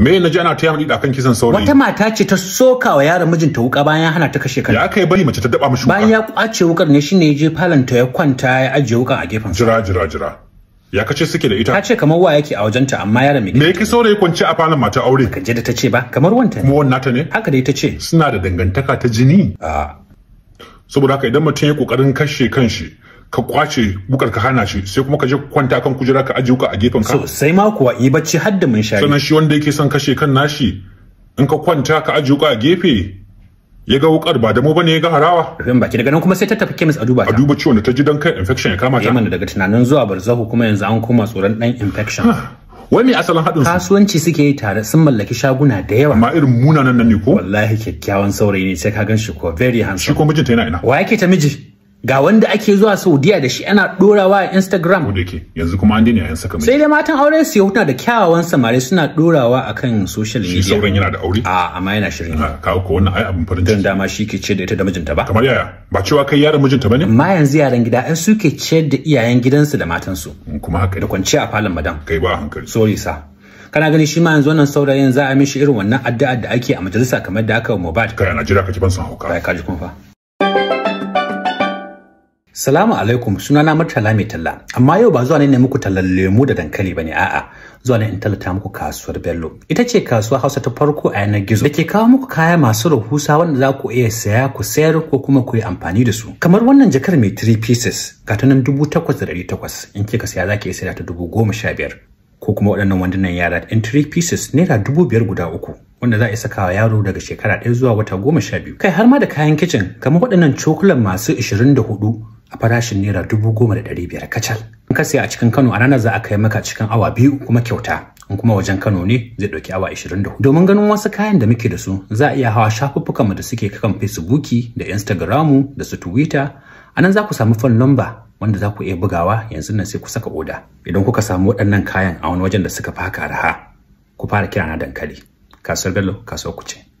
me na ji ana ta yamin kan kisan saurayi wata mata ce ta soka wa yaron mijinta wuka bayan hana ta kashe kanta ya kai bari mace ta daba mishi bayan ya kwace wukar ne shine ya je ta ya kwanta ya ajiye wukan a gefen jira jira jira ya kace suke da ita ta ce kamar wa yake a wajenta amma yaron mai me yake saurayi kwance a falon mata aure ka je da ta ce ba kamar wanta ne wannan ta ne haka dai ta ce suna da dangantaka ta jini a saboda haka idan mutum ya kokarin kashe kanshi ka kwace bukar ka hana shi sai kuma ka je kwanta kan kujera ka ajiye ka a gefen ka sai ma kuwa yi bacci har da mun shari sannan shi wanda yake son kashe kan nashi in ka kwanta ka ajiye ka a gefe ya ga wukar ba damo bane ya ga harawa rufin baki daga nan kuma sai ta tafi kemis a duba ta a duba ciwon da ta ji dan kai infection ya kama ta yamma eh, daga tunanin zuwa barzahu kuma yanzu an koma tsoron dan infection wai me asalin hadin su kasuwanci suke yi tare sun mallaki shaguna da yawa Amma irin munanan nan ne ko wallahi kyakkyawan saurayi ne sai ka gan shi ko very handsome shi ko mijinta yana ina wa yake ta miji ga wanda ake zuwa saudiya da shi ana dorawa a instagram ke yanzu kuma an dina yan saka sai dai matan aure su hotuna da kyawawan samari suna dorawa akan social media shi sauran yana da aure a amma yana shirin ha kawo ko wannan ai abin farin ciki dama shi ke ce da ita da mijinta ba kamar yaya ba cewa kai yaran mijinta bane Amma yanzu yaran gida ai suke ce da iyayen gidansu da matansu mm, kuma haka da kwanciya a falon madam kai ba hankali sorry sa kana gani shi ma yanzu wannan saurayin za a mishi irin wannan addu'ar da ake a majalisa kamar da aka wa Mubad kai a Najeriya kake ban san hauka kai kaji kuma fa Salamu alaikum sunana Murtala mai talla amma yau ba zuwa ne ne muku tallan lemu da dankali ba ne. a'a zuwa ne in tallata muku kasuwar Bello ita ce kasuwa Hausa ta farko a yanar gizo ke kawo muku kaya masu rahusa wanda za ku iya saya ku sayar ko kuma ku yi amfani da su kamar wannan jakar mai three pieces ɗari takwas, in kika saya za ki iya saya ta biyar, ko kuma waɗannan wandunan yara in three pieces naira dubu biyar guda uku wanda za a saka yaro daga shekara ɗaya zuwa wata goma sha biyu kai har ma da kayan kicin kamar waɗannan cokulan masu isirin da hudu a farashin naira dubu goma da ɗari biyar kacal in ka saya a cikin kano a ranar za a kai maka cikin awa biyu kuma kyauta in kuma wajen kano ne zai ɗauki awa ishirin da domin ganin wasu kayan da muke da su za a iya hawa shafuffukanmu da suke kan fesibuki da instagram da su twitter a nan za ku samu phone number wanda za ku iya bugawa yanzu nan sai ku saka oda idan kuka samu waɗannan kayan a wani wajen da suka faka araha. ku fara kira na dankali Caso lo caso ocuche.